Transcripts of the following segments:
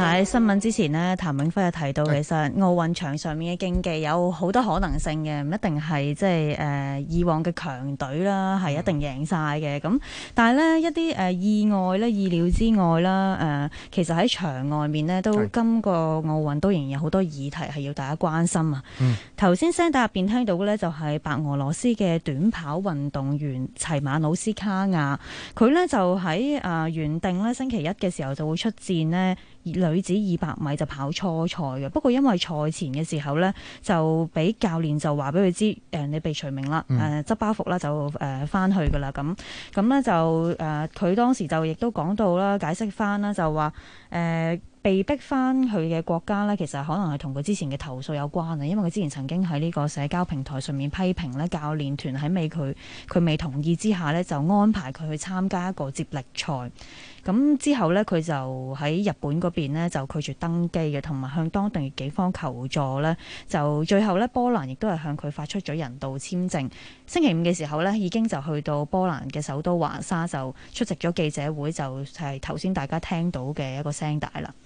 喺新聞之前呢，譚永輝又提到，其實奧運場上面嘅競技有好多可能性嘅，唔一定係即係誒以往嘅強隊啦，係一定贏晒嘅。咁、嗯、但係呢，一啲誒意外咧，意料之外啦，誒、呃、其實喺場外面呢，是都今個奧運都仍然有好多議題係要大家關心啊。頭先聲帶入邊聽到嘅咧，就係白俄羅斯嘅短跑運動員齊馬努斯卡亞，佢呢就喺誒、呃、原定咧星期一嘅時候就會出戰呢，女子二百米就跑初賽嘅，不過因為賽前嘅時候呢就俾教練就話俾佢知誒，你被除名啦，誒執、嗯呃、包袱啦，呃、就誒翻去噶啦，咁咁呢就誒佢當時就亦都講到啦，解釋翻啦就話誒。呃被逼翻去嘅國家呢，其實可能係同佢之前嘅投訴有關啊。因為佢之前曾經喺呢個社交平台上面批評呢教練團喺未佢佢未同意之下呢，就安排佢去參加一個接力賽。咁之後呢，佢就喺日本嗰邊呢就拒絕登機嘅，同埋向當地嘅警方求助呢，就最後呢，波蘭亦都係向佢發出咗人道簽證。星期五嘅時候呢，已經就去到波蘭嘅首都華沙就出席咗記者會，就係頭先大家聽到嘅一個聲帶啦。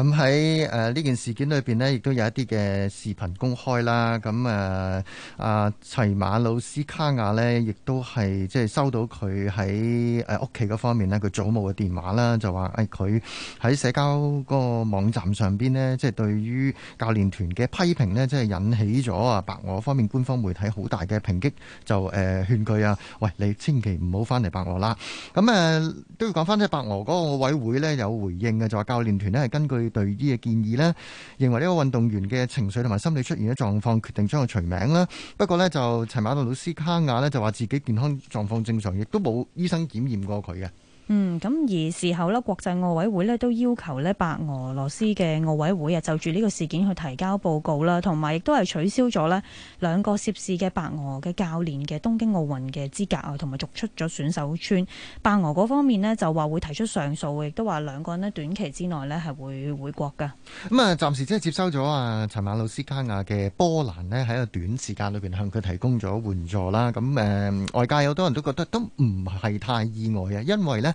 咁喺誒呢件事件裏邊咧，亦都有一啲嘅視頻公開啦。咁、嗯、誒、呃、啊齊馬魯斯卡亞咧，亦都係即係收到佢喺誒屋企嗰方面咧，佢祖母嘅電話啦，就話誒佢喺社交個網站上邊咧，即、就、係、是、對於教練團嘅批評咧，即、就、係、是、引起咗啊白俄方面官方媒體好大嘅抨擊，就誒、呃、勸佢啊，喂，你千祈唔好翻嚟白俄啦。咁、嗯、誒、呃、都要講翻即係白俄嗰個奧委會咧，有回應嘅，就話教練團咧係根據。隊醫嘅建議呢，認為呢個運動員嘅情緒同埋心理出現咗狀況，決定將佢除名啦。不過呢，就齊馬老師卡亞呢，就話自己健康狀況正常，亦都冇醫生檢驗過佢嘅。嗯，咁而事後國際奧委會呢都要求呢白俄羅斯嘅奧委會啊就住呢個事件去提交報告啦，同埋亦都係取消咗呢兩個涉事嘅白俄嘅教練嘅東京奧運嘅資格啊，同埋逐出咗選手村。白俄嗰方面呢就話會提出上訴，亦都話兩個人短期之內呢係會回國㗎。咁啊、嗯，暫時即係接收咗啊，陳馬老斯卡亞嘅波蘭呢喺個短時間裏面向佢提供咗援助啦。咁、呃、外界好多人都覺得都唔係太意外嘅，因為呢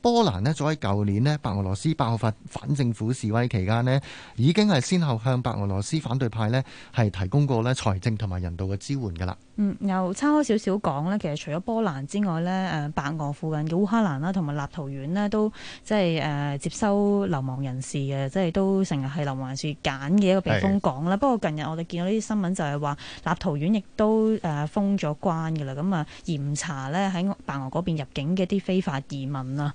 波蘭呢，早喺舊年呢，白俄羅斯爆發反政府示威期間呢，已經係先後向白俄羅斯反對派呢係提供過呢財政同埋人道嘅支援㗎啦。嗯，又差開少少講呢，其實除咗波蘭之外呢，誒白俄附近嘅烏克蘭啦，同埋立陶宛呢，都即係誒接收流亡人士嘅，即係都成日係流亡人士揀嘅一個避風港啦。是的 不過近日我哋見到呢啲新聞就係話，立陶宛亦都誒封咗關㗎啦，咁啊嚴查呢，喺白俄嗰邊入境嘅啲非法移民啦。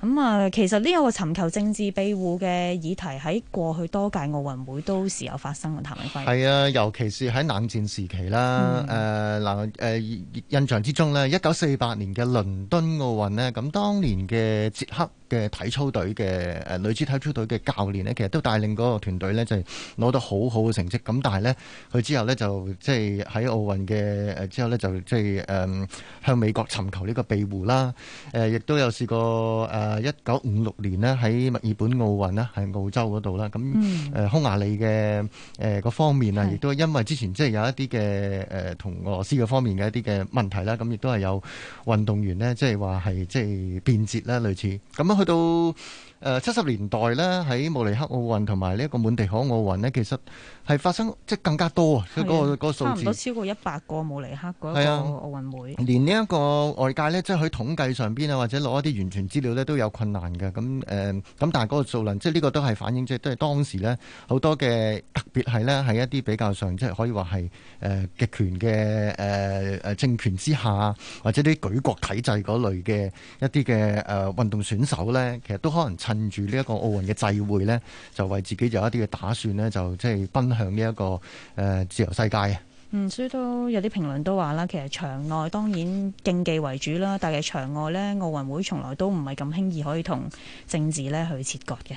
咁啊、嗯，其實呢一個尋求政治庇護嘅議題，喺過去多屆奧運會都時有發生。譚偉輝係啊，尤其是喺冷戰時期啦。誒嗱誒，印象之中咧，一九四八年嘅倫敦奧運咧，咁當年嘅捷克嘅體操隊嘅誒女子體操隊嘅教練咧，其實都帶領嗰個團隊咧，就係攞到好好嘅成績。咁但係咧，佢之後咧就即係喺奧運嘅誒之後咧，就即係誒向美國尋求呢個庇護啦。誒、呃、亦都有試過誒。呃啊！一九五六年呢，喺墨爾本奧運咧，喺澳洲嗰度啦，咁誒、嗯呃、匈牙利嘅誒、呃、方面啊，亦都因為之前即係有一啲嘅誒同俄羅斯嘅方面嘅一啲嘅問題啦，咁亦都係有運動員呢，即係話係即係變節啦，類似咁樣去到。誒七十年代呢，喺慕尼黑奧運同埋呢一個滿地可奧運呢，其實係發生即係更加多啊！佢嗰個嗰個數字差唔多超過一百個，慕尼黑嗰個奧運會。連呢一個外界呢，即係佢統計上邊啊，或者攞一啲完全資料呢，都有困難嘅。咁誒咁，但係嗰個數量，即係呢個都係反映，即係都係當時呢，好多嘅特別係呢，喺一啲比較上，即係可以話係誒極權嘅誒誒政權之下，或者啲舉國體制嗰類嘅一啲嘅誒運動選手呢，其實都可能。趁住呢一個奧運嘅際會呢，就為自己有一啲嘅打算呢，就即係奔向呢一個誒自由世界啊。嗯，所以都有啲評論都話啦，其實場內當然競技為主啦，但係場外呢，奧運會從來都唔係咁輕易可以同政治呢去切割嘅。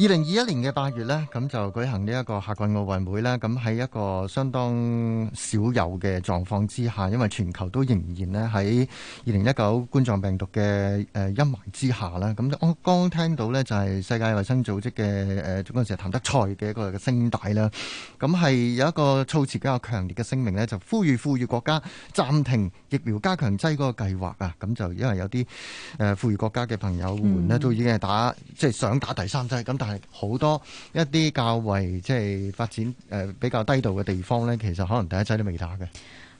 二零二一年嘅八月咧，咁就舉行呢一個夏季奧運會啦。咁喺一個相當少有嘅狀況之下，因為全球都仍然咧喺二零一九冠狀病毒嘅誒陰霾之下啦。咁我剛聽到咧就係世界衛生組織嘅誒嗰陣時譚德賽嘅一個嘅聲帶啦。咁係有一個措辭比較強烈嘅聲明咧，就呼籲富裕國家暫停疫苗加強劑個計劃啊。咁就因為有啲誒富裕國家嘅朋友們咧都已經係打即係、就是、想打第三劑咁。好多一啲較為即係發展誒比較低度嘅地方呢，其實可能第一劑都未打嘅。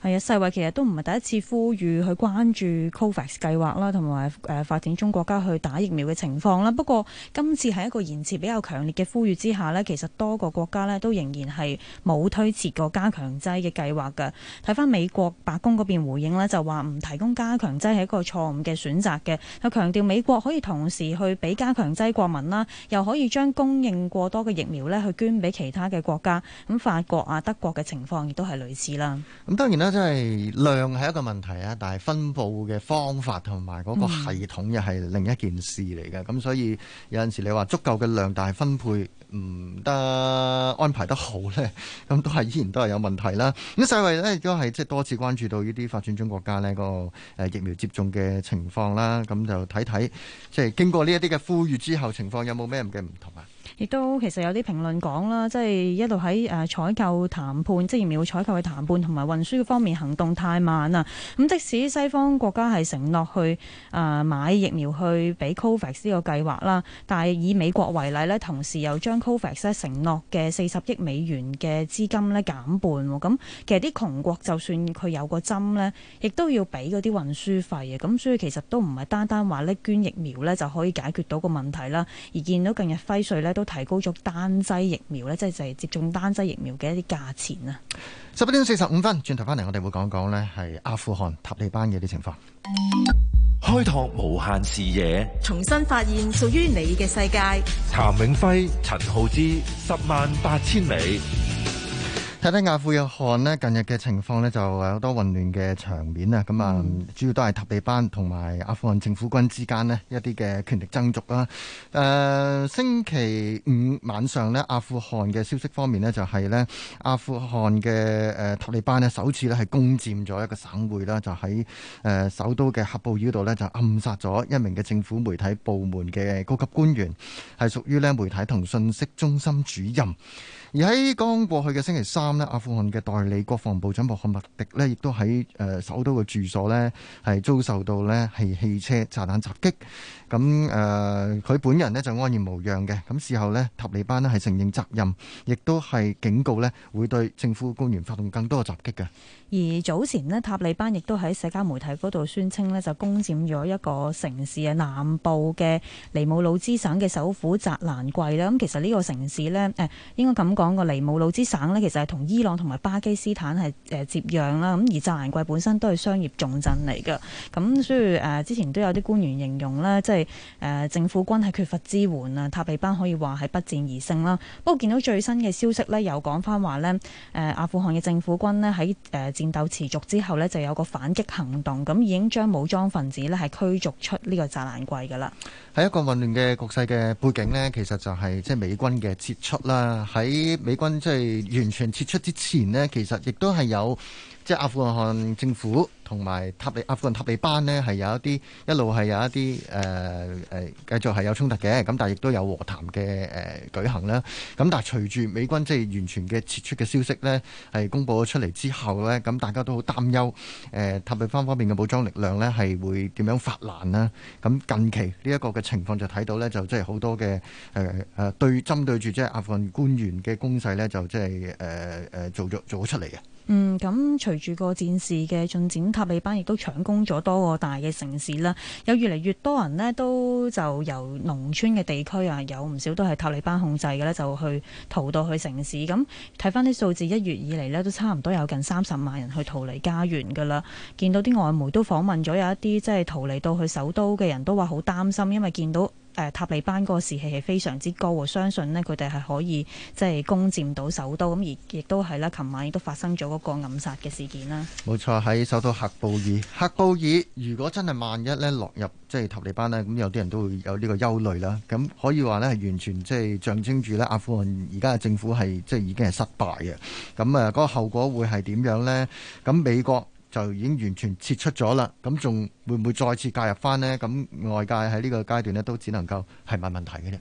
係啊，世衛其實都唔係第一次呼籲去關注 COVAX 計劃啦，同埋誒發展中國家去打疫苗嘅情況啦。不過今次係一個言辭比較強烈嘅呼籲之下咧，其實多個國家咧都仍然係冇推遲過加強劑嘅計劃㗎。睇翻美國白宮嗰邊回應咧，就話唔提供加強劑係一個錯誤嘅選擇嘅，佢強調美國可以同時去俾加強劑國民啦，又可以將供應過多嘅疫苗咧去捐俾其他嘅國家。咁法國啊、德國嘅情況亦都係類似啦。咁當然啦。即係量係一個問題啊，但係分佈嘅方法同埋嗰個系統又係另一件事嚟嘅。咁、嗯、所以有陣時候你話足夠嘅量，但係分配唔、嗯、得安排得好咧，咁都係依然都係有問題啦。咁世衞咧亦都係即係多次關注到呢啲發展中國家呢、個誒、呃、疫苗接種嘅情況啦。咁就睇睇即係經過呢一啲嘅呼籲之後，情況有冇咩嘅唔同啊？亦都其實有啲評論講啦，即、就、係、是、一路喺誒、啊、採購談判，即、就是、疫苗採購嘅談判同埋運輸嘅方面行動太慢啊。咁即使西方國家係承諾去誒、啊、買疫苗去俾 COVAX 呢個計劃啦，但係以美國為例呢，同時又將 COVAX 承諾嘅四十億美元嘅資金呢減半。咁其實啲窮國就算佢有個針呢，亦都要俾嗰啲運輸費嘅。咁所以其實都唔係單單話呢捐疫苗呢就可以解決到個問題啦。而見到近日輝瑞呢，都提高咗單劑疫苗咧，即係就係、是、接種單劑疫苗嘅一啲價錢啊！十一點四十五分，轉頭翻嚟，我哋會講講咧係阿富汗塔利班嘅啲情況。開拓無限視野，重新發現屬於你嘅世界。譚永輝、陳浩之，十萬八千里。睇睇阿富汗呢，近日嘅情況呢，就有好多混亂嘅場面啊！咁啊、嗯，主要都係塔利班同埋阿富汗政府軍之間呢一啲嘅權力爭逐啦。誒、呃，星期五晚上呢，阿富汗嘅消息方面呢、就是，就係呢阿富汗嘅誒塔利班呢首次呢係攻佔咗一個省會啦，就喺首都嘅核布爾度呢，就暗殺咗一名嘅政府媒體部門嘅高級官員，係屬於呢媒體同信息中心主任。而喺剛過去嘅星期三咧，阿富汗嘅代理國防部長穆罕默迪咧，亦都喺誒首都嘅住所咧，係遭受到咧係汽車炸彈襲擊。咁、嗯、誒，佢、呃、本人咧就安然無恙嘅。咁事後咧，塔利班咧係承認責任，亦都係警告咧，會對政府官員發動更多嘅襲擊嘅。而早前咧，塔利班亦都喺社交媒體嗰度宣稱咧，就攻佔咗一個城市嘅南部嘅尼姆魯茲省嘅首府扎蘭季啦。咁其實呢個城市咧，誒應該咁。講個尼姆魯茲省呢，其實係同伊朗同埋巴基斯坦係誒、呃、接壤啦。咁而紮蘭季本身都係商業重鎮嚟嘅。咁所以誒、呃，之前都有啲官員形容呢，即係誒、呃、政府軍係缺乏支援啊，塔利班可以話係不戰而勝啦。不過見到最新嘅消息呢，又講返話呢，誒、呃、阿富汗嘅政府軍呢喺誒、呃、戰鬥持續之後呢，就有個反擊行動，咁已經將武裝分子呢係驅逐出呢個紮蘭季㗎啦。喺一個混亂嘅局勢嘅背景呢，其實就係即係美軍嘅撤出啦，喺美軍即係完全撤出之前呢，其實亦都係有。即係阿富汗和政府同埋塔利阿富汗塔利班呢，係有一啲一路係有一啲誒誒繼續係有衝突嘅，咁但係亦都有和談嘅誒舉行啦。咁但係隨住美軍即係完全嘅撤出嘅消息呢，係公布咗出嚟之後呢，咁大家都好擔憂誒塔利班方面嘅武裝力量呢，係會點樣發難啦。咁近期呢一個嘅情況就睇到呢，就即係好多嘅誒誒對針對住即係阿富汗官員嘅攻勢呢，就即係誒誒做咗做咗出嚟嘅。嗯，咁隨住個戰事嘅進展，塔利班亦都搶攻咗多個大嘅城市啦。有越嚟越多人呢，都就由農村嘅地區啊，有唔少都係塔利班控制嘅呢，就去逃到去城市。咁睇返啲數字，一月以嚟呢，都差唔多有近三十萬人去逃離家園㗎啦。見到啲外媒都訪問咗，有一啲即係逃離到去首都嘅人都話好擔心，因為見到。誒塔利班嗰個士氣係非常之高，相信呢，佢哋係可以即係攻佔到首都，咁而亦都係啦。琴晚亦都發生咗嗰個暗殺嘅事件啦。冇錯，喺首都喀布爾，喀布爾如果真係萬一呢落入即係塔利班呢，咁有啲人都會有呢個憂慮啦。咁可以話呢，係完全即係象徵住呢阿富汗而家嘅政府係即係已經係失敗嘅。咁啊，嗰個後果會係點樣呢？咁美國。就已經完全撤出咗啦，咁仲會唔會再次介入翻呢？咁外界喺呢個階段呢都只能夠係問問題嘅啫。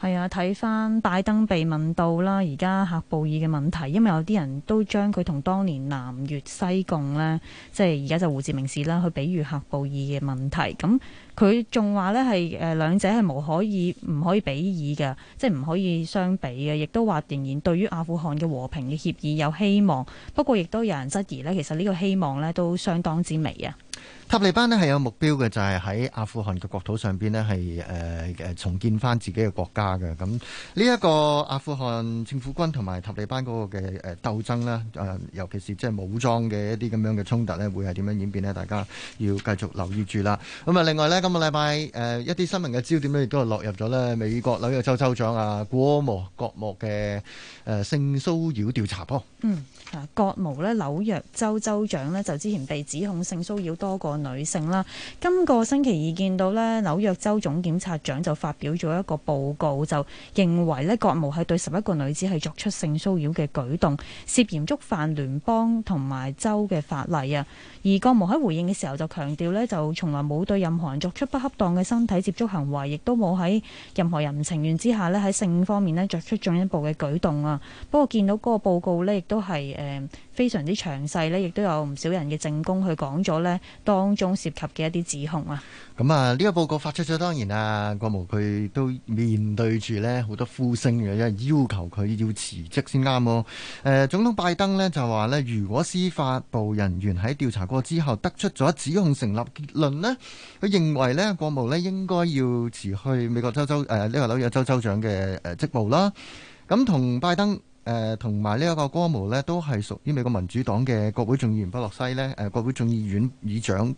係啊，睇返拜登被問到啦，而家喀布爾嘅問題，因為有啲人都將佢同當年南越西貢呢，即係而家就胡志明市啦，去比喻喀布爾嘅問題。咁佢仲話呢係誒兩者係無可以唔可以比擬嘅，即係唔可以相比嘅，亦都話仍然對於阿富汗嘅和平嘅協議有希望。不過，亦都有人質疑呢，其實呢個希望呢都相當之微啊。塔利班咧係有目標嘅，就係、是、喺阿富汗嘅國土上邊咧係誒誒重建翻自己嘅國家嘅。咁呢一個阿富汗政府軍同埋塔利班嗰個嘅誒鬥爭啦，誒、呃、尤其是即係武裝嘅一啲咁樣嘅衝突咧，會係點樣演變呢？大家要繼續留意住啦。咁啊，另外呢，今個禮拜誒一啲新聞嘅焦點咧亦都係落入咗呢，美國紐約州州長阿、啊、國模國模嘅誒、呃、性騷擾調查噃。嗯，啊，國模呢，紐約州州長呢，就之前被指控性騷擾多個女性啦，今、這個星期二見到呢紐約州總檢察長就發表咗一個報告，就認為呢，國務係對十一個女子係作出性騷擾嘅舉動，涉嫌觸犯聯邦同埋州嘅法例啊。而國務喺回應嘅時候就強調呢，就從來冇對任何人作出不恰當嘅身體接觸行為，亦都冇喺任何人唔情願之下呢，喺性方面呢作出進一步嘅舉動啊。不過見到個報告呢，亦都係誒、呃、非常之詳細呢，亦都有唔少人嘅證供去講咗呢，當中涉及嘅一啲指控啊，咁啊呢個報告發出咗，當然啊國務佢都面對住呢好多呼聲，因為要求佢要辭職先啱。誒，總統拜登呢，就話呢，如果司法部人員喺調查過之後得出咗指控成立結論呢，佢認為呢，國務呢應該要辭去美國州州誒呢、這個紐約州州長嘅誒職務啦。咁同拜登，同埋呢一個歌務呢，都係屬於美國民主黨嘅國會眾議員不洛西呢，誒、呃、國會眾議院議長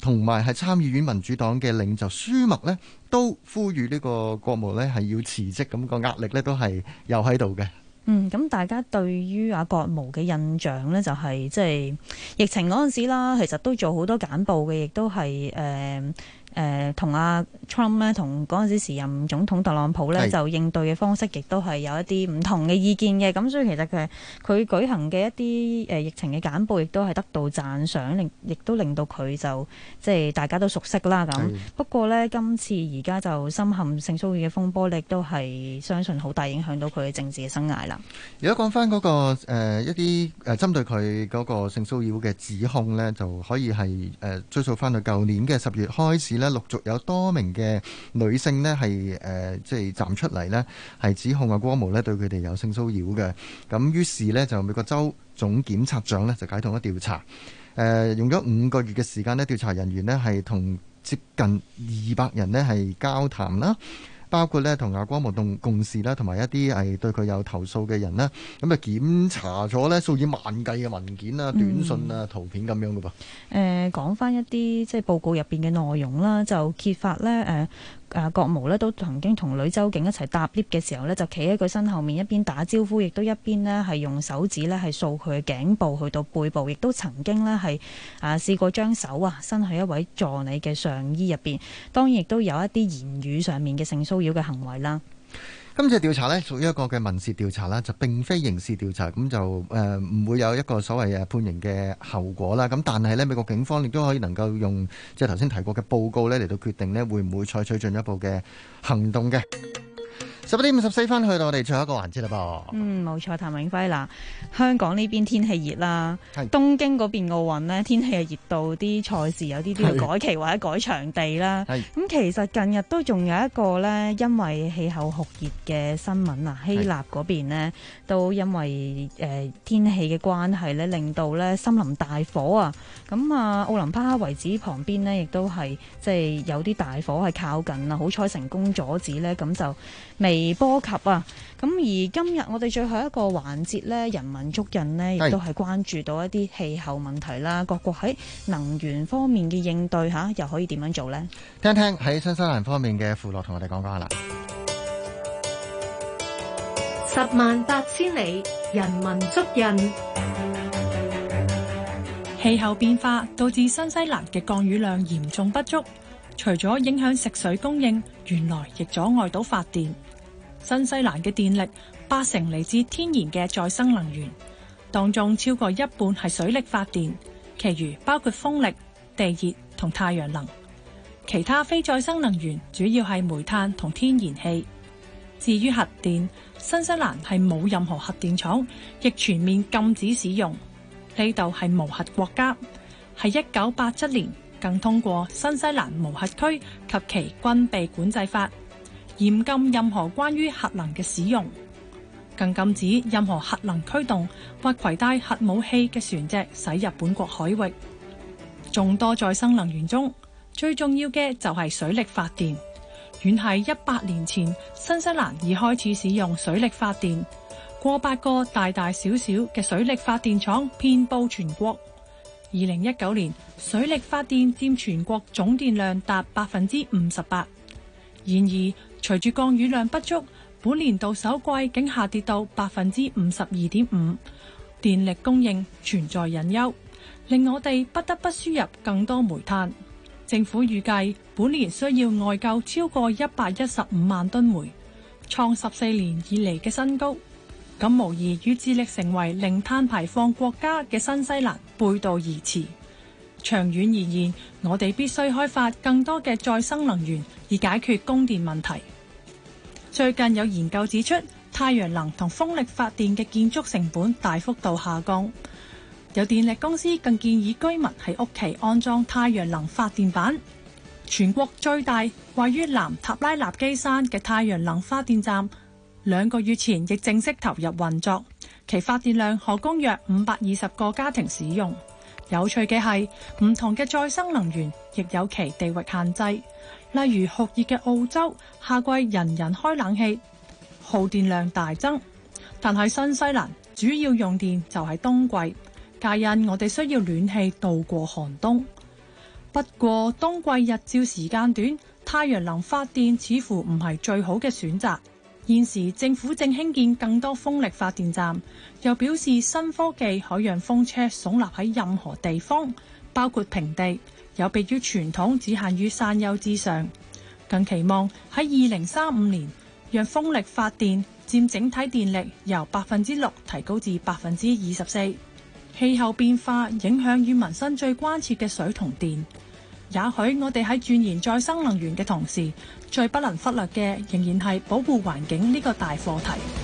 同埋係參議院民主黨嘅領袖舒默呢，都呼籲呢個國務呢係要辭職，咁、個壓力呢，都係有喺度嘅。嗯，咁大家對於阿國務嘅印象呢，就係即係疫情嗰陣時啦，其實都做好多簡報嘅，亦都係誒同阿 Trump 咧，同嗰陣時時任總統特朗普咧，就應對嘅方式亦都係有一啲唔同嘅意見嘅。咁是所以其實佢佢舉行嘅一啲誒、呃、疫情嘅簡報，亦都係得到讚賞，令亦都令到佢就即係大家都熟悉啦。咁是不過呢，今次而家就深陷性騷擾嘅風波，亦都係相信好大影響到佢嘅政治嘅生涯啦。如果講翻嗰個、呃、一啲誒、呃、針對佢嗰個性騷擾嘅指控呢，就可以係誒、呃、追溯翻到舊年嘅十月開始。咧陸續有多名嘅女性是、呃就是、呢，係誒，即係站出嚟呢，係指控阿光某呢對佢哋有性騷擾嘅。咁於是呢，就美國州總檢察長呢，就解同一調查，誒、呃、用咗五個月嘅時間呢，調查人員呢，係同接近二百人呢，係交談啦。包括咧同阿光無同共事啦，同埋一啲係對佢有投訴嘅人啦，咁就檢查咗咧數以萬計嘅文件啊、短信啊、嗯、圖片咁樣嘅噃。誒、呃，講翻一啲即係報告入邊嘅內容啦，就揭發咧誒。呃啊，郭毛咧都曾經同女周警一齊搭 lift 嘅時候咧，就企喺佢身後面，一邊打招呼，亦都一邊咧係用手指咧係掃佢嘅頸部去到背部，亦都曾經咧係啊試過將手啊伸去一位助理嘅上衣入邊，當然亦都有一啲言語上面嘅性騷擾嘅行為啦。今次調查咧屬於一個嘅民事調查啦，就並非刑事調查，咁就誒唔會有一個所謂誒判刑嘅後果啦。咁但係咧，美國警方亦都可以能夠用即係頭先提過嘅報告咧嚟到決定咧會唔會採取進一步嘅行動嘅。十八點五十四分，去到我哋最後一個環節啦，噃。嗯，冇錯，譚永輝嗱，香港呢邊天氣熱啦，係是東京嗰邊奧運呢天氣又熱到啲賽事有啲都要改期或者改場地啦。咁是、嗯、其實近日都仲有一個呢，因為氣候酷熱嘅新聞啊，希臘嗰邊呢是都因為誒、呃、天氣嘅關係呢，令到呢森林大火啊，咁啊奧林巴克遺址旁邊呢，亦都係即係有啲大火係靠近啊，好彩成功阻止呢，咁就未，而波及啊，咁而今日我哋最後一個環節咧，人文足印咧，亦都係關注到一啲氣候問題啦。各國喺能源方面嘅應對吓，又可以點樣做咧？聽聽喺新西蘭方面嘅符樂同我哋講講啦。十萬八千里，人文足印。氣候變化導致新西蘭嘅降雨量嚴重不足，除咗影響食水供應，原來亦阻礙到發電。新西蘭嘅電力八成嚟自天然嘅再生能源，當中超過一半係水力發電，其餘包括風力、地熱同太陽能。其他非再生能源主要係煤炭同天然氣。至於核電，新西蘭係冇任何核電廠，亦全面禁止使用。呢度係無核國家，喺一九八七年更通過新西蘭無核區及其軍備管制法。嚴禁任何關於核能嘅使用，更禁止任何核能驅動或携帶核武器嘅船隻駛入本國海域。眾多再生能源中，最重要嘅就係水力發電。遠係一百年前，新西蘭已開始使用水力發電，過百個大大小小嘅水力發電廠遍布全國。二零一九年，水力發電佔全國總電量達百分之五十八。然而，隨住降雨量不足，本年度首季竟下跌到百分之五十二點五，電力供應存在隱憂，令我哋不得不輸入更多煤炭。政府預計本年需要外購超過一百一十五萬噸煤，創十四年以來嘅新高。咁無疑與致力成為零碳排放國家嘅新西蘭背道而馳。長遠而言，我哋必須開發更多嘅再生能源，以解決供電問題。最近有研究指出，太陽能同風力發電嘅建築成本大幅度下降，有電力公司更建議居民喺屋企安裝太陽能發電板。全國最大位於南塔拉納基山嘅太陽能發電站，兩個月前亦正式投入運作，其發電量可供約五百二十個家庭使用。有趣嘅係，唔同嘅再生能源亦有其地域限制。例如酷熱嘅澳洲，夏季人人開冷氣，耗電量大增；但係新西蘭主要用電就係冬季，皆因我哋需要暖氣度過寒冬。不過冬季日照時間短，太陽能發電似乎唔係最好嘅選擇。現時政府正興建更多風力發電站，又表示新科技可讓風車聳立喺任何地方，包括平地，有別於傳統只限於山丘之上。更期望喺二零三五年，讓風力發電佔整體電力由百分之六提高至百分之二十四。氣候變化影響與民生最關切嘅水同電。也許我哋喺鑽研再生能源嘅同時，最不能忽略嘅仍然係保護環境呢個大課題。